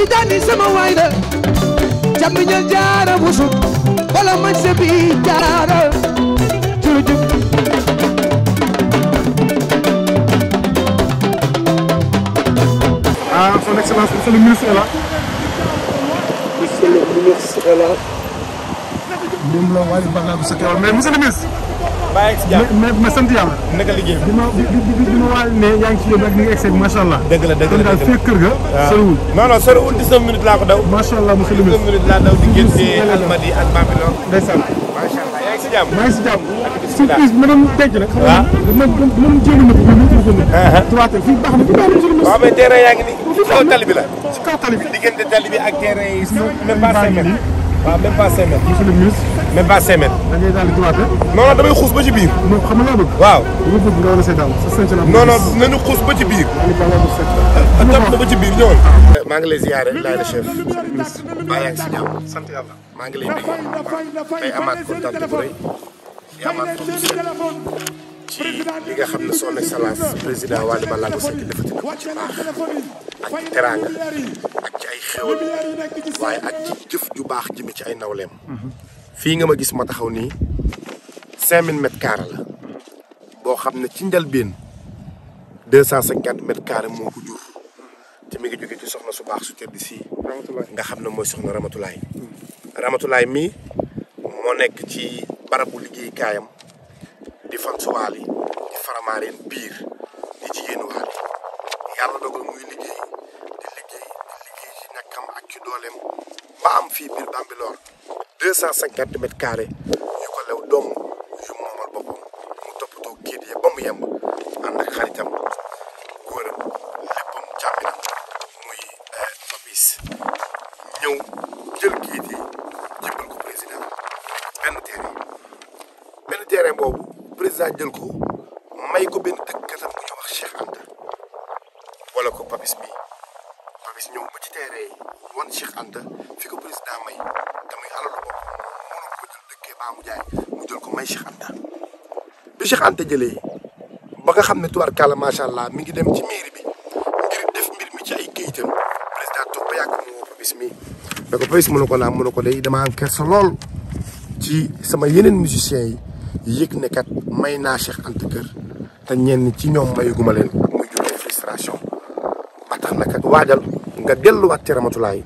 tijaani sama waay la jamiñal jaara busu wala man sebi jaara jurujub ah son excellence monsieur le ministre est là monsieur le ministre est là moom la Waly Ballago Seck mais monsieur bàyyi si jàmm ma ma sant yàlla. naka liggéey bi ma bi bi bi ma ne yaa ngi ci yóbbu ak ni dëgg la dëgg la kon daal fekk kër ga. waaw soriwul non non soriwul 19 laa ko daw. macha allah mu xëy laa daw diggante Almadies ak Bambilor. ndeysaan macha allah yaa ngi si jàmm. maa ngi si jàmm. surprise bi ma doon denc nag. waaw xam nga a ma ko gën a. tuwaate fii la. ci kaw tali bi diggante tali ak terrain yi. même waaw même pas 5 mètres. monsieur le ministre. même pas 5 mètres. da ngay daal di droite non non damay xuus ba ci biir. moom xam maa ngi lay ziare laay la chef. ministre bàyyi ak si jàmm sant yàlla. maa ngi lay déglu waaw tey amaat kontaan bu ci li nga xam ne son excellence président Wally Ballago Seck defati na ko ci baax ak teraanga ak ci ay xewal waaye ak ci jëf ju baax jëme ci ay nawleem fii nga ma gis ma taxaw nii cinq mille mètres carrés la boo xam ne ci njëlbéen deux cent cinquante mètres carrés moo ko jur te mi ngi jóge ci soxna su baax su tedd sii nga xam ne mooy soxna Ramatulaay Ramatulaay mii moo nekk ci barabu liggéeykaayam fans Wally di Faramareen biir di jigéenu Wally yàlla dogal muy liggéey di liggéey di liggéey ci nekkam ak ci ba am fii biir Bambilor deux cent cinquante mètres carrés yu lew dong yu moomal boppam mu toppatoo kiit yi ba mu yemb ànd ak xaritam président jël ko may ko benn dëkkatam bu ñuy wax Cheikh Anta wala ko Papis bi Papis ñëw ba ci teere wan Cheikh Anta fi ko président may damay alalu bopp mënu ko jël dëkkee baa mu jaay mu jël ko may Cheikh Anta bi Cheikh Anta jëlee ba nga xam ne tubaarkàlla macha allah mi ngi dem ci mairie bi ngir def mbir mi ci ay kayitam président toog ba yàgg mu woo Papis mi da ko Papis mu ne ko naa mu ne ko day damaa am kersa lool ci sama yeneen musiciens yi yëg ne may naa Cheikh Anta kër te ñenn ci ñoom mayuguma leen muy jur frustration ba tax na kat waajal nga delluwaat ci ramatulaay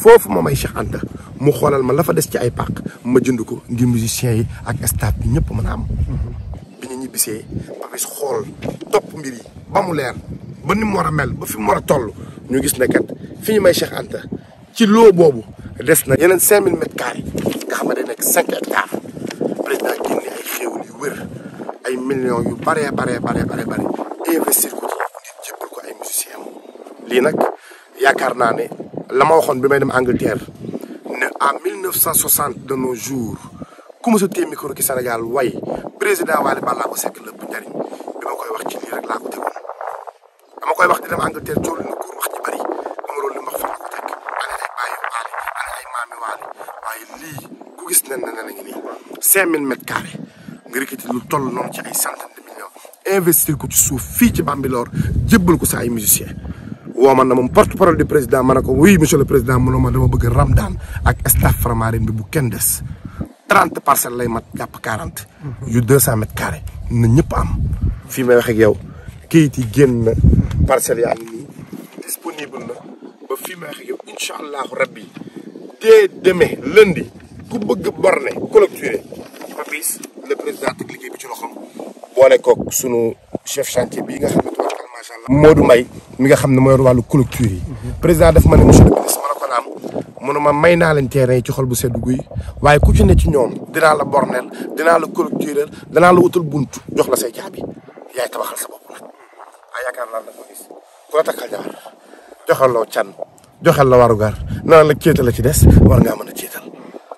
foofu ma may Cheikh Anta mu xoolal ma la fa des ci ay pàq ma jënd ko ngir musiciens yi ak staff bi ñëpp mën a am. bi ñu ñibbisee ba xool topp mbir yi ba mu leer ba ni war a mel ba fi mu war a toll ñu gis ne fii ñu may Cheikh Anta ci loo boobu des na yeneen 5000 mètres carrés nga xam ne day nekk 5 hectares wër ay millions yu baree baree baree bare bëri investir ko ngir jébbal ko ay musiciens am lii nag yaakaar naa ne la ma waxoon bi may dem Angleterre ne en 1960 de nos jours ku ma sa téye micro ki Sénégal way président Wally Ballago Seck lépp njariñ bi ma koy wax ci lii rek laa ko tegoon dama koy wax di dem Angleterre coow na wax ci bëri dama loolu li mu wax fan teg ana ay maami waale waaye lii ku gis nen na ne la ngi nii 5000 mètres carrés lu toll noonu ci ay centaine de investir ko ci suuf fii ci Bambilor jébbal ko sa ay musiciens. woo man na moom porte parole du président ma ne ko oui monsieur le président mu ne ma bëgg Ramadan ak staff Faramareen bi bu kenn des trente parcelle lay mat jàpp quarante. yu deux cent mètres carrés na ñëpp am. fii may wax yow kayit yi génn na parcelles yaa ngi nii disponible na ba fii may wax ak yow rabbi dès demain lundi ku bëgg borne collecturé le président teg liggéey bi ci loxoom. sunu chef chantier bii nga xam ne tubaarkal macha allah. mi nga xam ne mooy wàllu clôture président daf ma ne monsieur ma may naa leen terrain yi ci xol bu sedd guy waaye ku ci ne ci ñoom dinaa la borneel dinaa la clôtureel danaa la wutal bunt jox la say jaabi yaay tabaxal sa bopp nag ah yaakaar naa la ko gis ku la takkal jabar joxal la can joxal la warugar naan la céetal la ci des war ngaa mën a céetal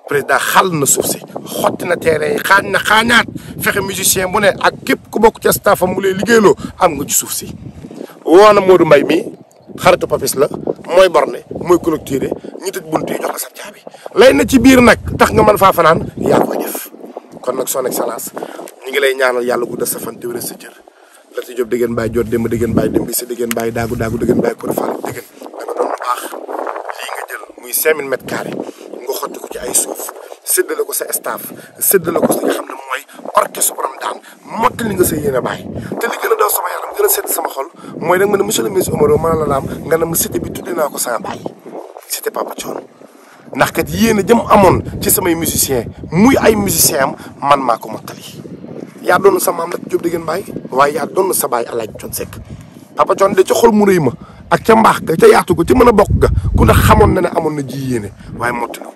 président xal na suuf si xotti na teere yi na xaañaat fexe musicien bu ne ak képp ku bokk ci staffam mu lay liggéeyloo am nga ci suuf si. woo na Modou Mbaye mii xaritu papis la mooy borne mooy collecteur ñu tëj bunt yi jox la sa caabi lay na ci biir nag tax nga man faa fanaan yaa koy def kon nag son excellence ñu ngi lay ñaanal yàlla guddal sa fan téwér sa jër la ci job dëggeen bàyyi jot démb dëggeen bàyyi démb bi si dëggeen daagu daagu dëggeen bàyyi pour faal dëggeen da doon lu muy 5000 mètres carrés sotti ko ci ay suuf séddale ko sa si sa yéene bàyyi te li gën a a sedd sama mooy nag ma ne le ministre Omaro ma la laam nga ne naa ko sama bàyyi cité Papa a jëm amoon ci samay musicien muy ay musicien am man maa ko mottali yaa doon sa maam nag Diop di ngeen bàyyi waaye yaa doon sa bàyyi Alaaji Thione Seck Papa Thione de ca xol mu rëy ma ak ca mbaax ga ca yaatu ko ci mën a bokk ga ku ne xamoon na ne amoon na ji yéene waaye mottali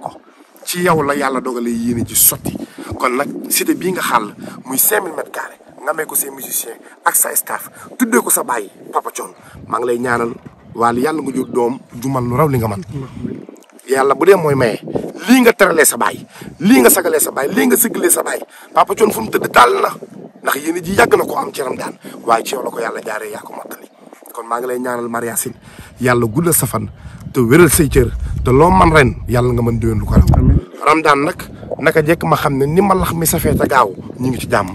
ci yow la yàlla dogalee yéene ji sotti kon nag cité bii nga xàll muy 5000 mètres nga may ko say musicien ak sa staff tuddee ko sa bàyyi Papa Thione maa ngi lay ñaanal waal yàlla nga jur doom ju man lu raw li nga man yàlla bu dee mooy maye lii nga teralee sa baay lii nga sagalee sa baay lii nga sëggalee sa baay Papa Thione fu mu tëdd daal na ndax yéen ji yàgg na ko am ci ram daan waaye ci ko yàlla jaaree yaa ko mottali kon maa ngi lay ñaanal Maria Sine yàlla guddal sa fan te wéral say te loo man ren yàlla nga mën déwén ko Ramadan nag naka jekk ma xam ne ni ma lax mi safee te gaaw ñu ngi ci jàmm.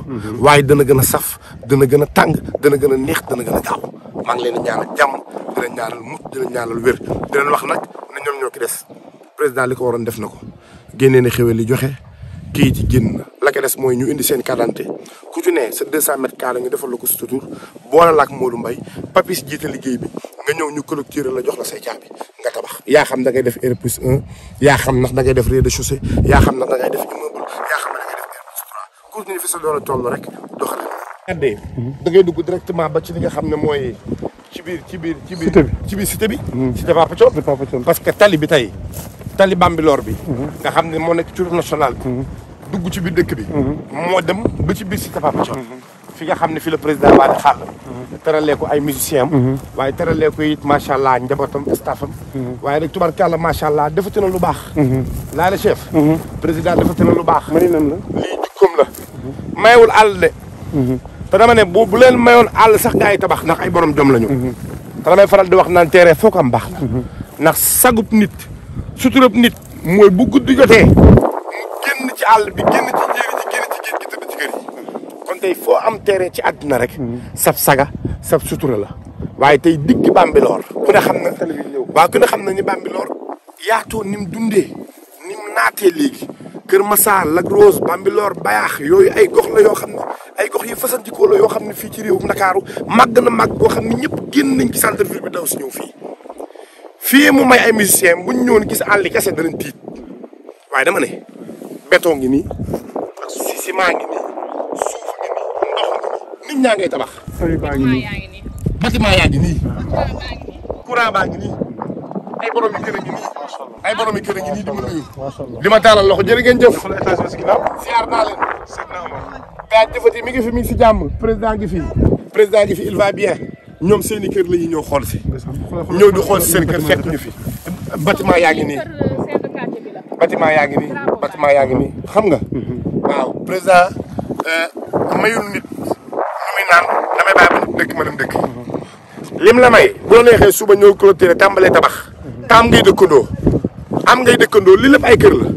waaye dana gën a saf dana gën a tàng dana gën a neex dana gën a gaaw maa ngi leen di ñaanal jàmm di leen ñaanal mucc di leen ñaanal wér di wax nag na ñoom ñoo ki des président li ko waroon def na ko génnee na xéwal li joxe kii ci génn la ko des mooy ñu indi seen kàddante ku ci ne sa 200 mètres carré ñu defal la ko sutur boole la ak Modou Mbaye Papis jiite liggéey bi nga ñëw ñu collecté la jox la say caabi nga tam. yaa xam da ngay def R plus 1 yaa xam ndax da ngay def rez-de-chaussée yaa xam ndax da ngay def immeuble yaa xam da ngay def R plus 3 cours ni fi sa door a toll rek doxale addee da ngay dugg directement ba ci li nga xam ne mooy ci biir ci biir ci biir ci biir cité bi hmm. cité Papa Thione parce que tali bi tey tali Bambilor bi hmm. nga xam ne moo nekk ci route nationale bi hmm. dugg ci biir dëkk bi moo dem ba ci biir cité Papa Thione fi nga xam ne fi la président Wade xaar teralee ko ay musiciens am mhm. waaye teralee ko it macha allah njabootam staffam mhm. waaye nag tubarkàlla macha allah defati na lu baax mhm. laa la chef président defati na lu baax mani nan la lii jikkoom la mayewul àll de te dama ne bu bu leen mayoon àll sax gars yi tabax ndax ay borom jom lañu te damay faral di wax naan teere foo ko am baax la ndax sagub nit suturab nit mooy bu guddi jotee mu génn ci àll bi génn ci tey foo am terrain ci àdduna rek. sab saga sab sutura la. waaye tey digg Bambilor. ku ne xam na waaw ku ne xam na ni Bambilor. yaatoo ni mu dundee ni mu naatee léegi. Kër Massa Lac Rose Bambilor Bayaax yooyu ay gox la yoo xam ne ay gox yu fasantikoo la yoo xam ne fii ci réewum Ndakaaru màgg na màgg xam ne ñëpp génn nañ ci centre ville bi si ñëw fii. fii mu may ay musiciens buñ ñëwoon gis àll kese danañ tiit waaye dama ne béton ngi nii ak ciment ngi nit ñaa ngay tabax. bâtiment yaa ngi nii. courant baa ngi nii. ay borom yu a ngi nii. ay borom yu kër a ngi nii di ma nuyu. di ma taalal loxo jërë ngeen jëf. siyaar naa leen. daa jëfati fi mi si jàmm. président ngi fi. président ngi fi il va bien. ñoom seen i kër la ñuy ñëw xool si. ñëw di xool seen kër fekk ñu fi. bâtiment yaa ngi nii. Euh, bâtiment yaa ngi nii xam nga. Mhm. waaw président euh, mayul nit. ngi naan damay bàyyi ba dëkk ma dem dëkk lim la may bu neexee suba ñëw clôturer tàmbalee tabax taam ngay dëkkandoo am ngay dëkkandoo li lépp ay kër la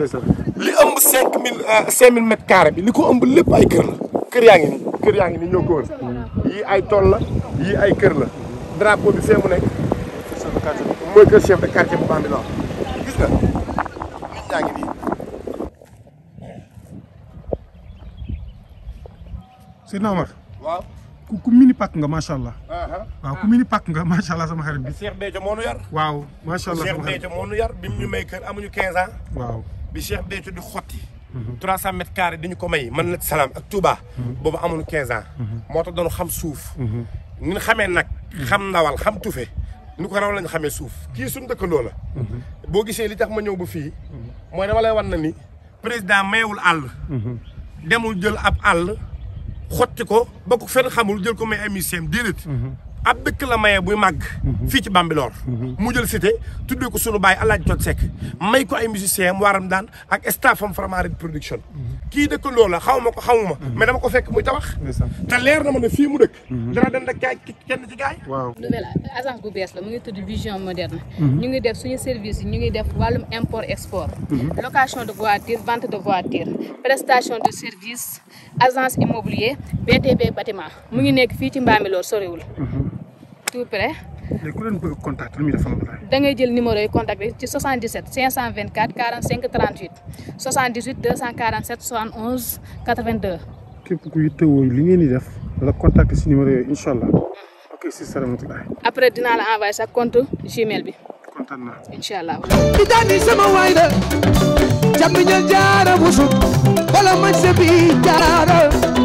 li ëmb cinq mille euh, bi li ko ëmb lépp ay kër kër yaa nii yaa ngi nii ñoo ko wër yii ay tool la yii ay kër la drapeau bi fee mu nekk mooy kër chef bu Bambilor gis nga nit ñaa ngi nii waaw ku ku mini pàkk nga macha allah. waaw ku mini nga macha allah sama xarit bi. Cheikh Béthio moo nu yar. waaw macha allah sama xarit bi Cheikh Béthio moo nu yar bi mu may kër amuñu 15 ans. waaw bi Cheikh Béthio di xotti. 300 mhm. mètres carrés di ñu ko may man na salaam ak Touba. Mhm. boobu amuñu 15 mhm. moo tax doon xam suuf. ni xamee nag xam ndawal xam tufe. nu ko raw lañu xamee suuf kii suñu dëkkandoo la. boo gisee li tax ma ñëw ba fii. mooy dama lay wan na ni président mayewul àll. demul jël ab àll. xotti ko ba ko fenn xamul jël ko may ay misiem déedéet mhm. ab dëkk la maye buy màgg mhm. fii ci Bambilor mhm. mu jël cité tuddee ko sunu baay Alaaji Toj Seck may ko ay musicien mu waram daan ak staffam Framari production mhm. kii dëkk loola xaw ma ko xawma mais dama ko fekk muy tabax te leer na ma ne fii mu dëkk dana den ak kaay kenn ci gaay waaw agence bu bees la mu ngi tudd vision moderne ñu ngi def suñu service yi ñu ngi def wàllum import export location de voiture vente de voiture prestation de service agence immobilier BTB bâtiment mu ngi nekk fii ci Mbambilor soriwul tout près. léegi ku leen bëgg contact lu muy defal la. da ngay jël numéro yi contact ci 77 524 45 38 78 247 71 82. képp kuy tëwoo li ngeen di def la contact si numéro yooyu incha après dinaa la envoyé sa compte Gmail bi. kontaan naa. incha allah. di daan di sama waay la. jàmm ña jaara bu sut. wala ma se bi jaara.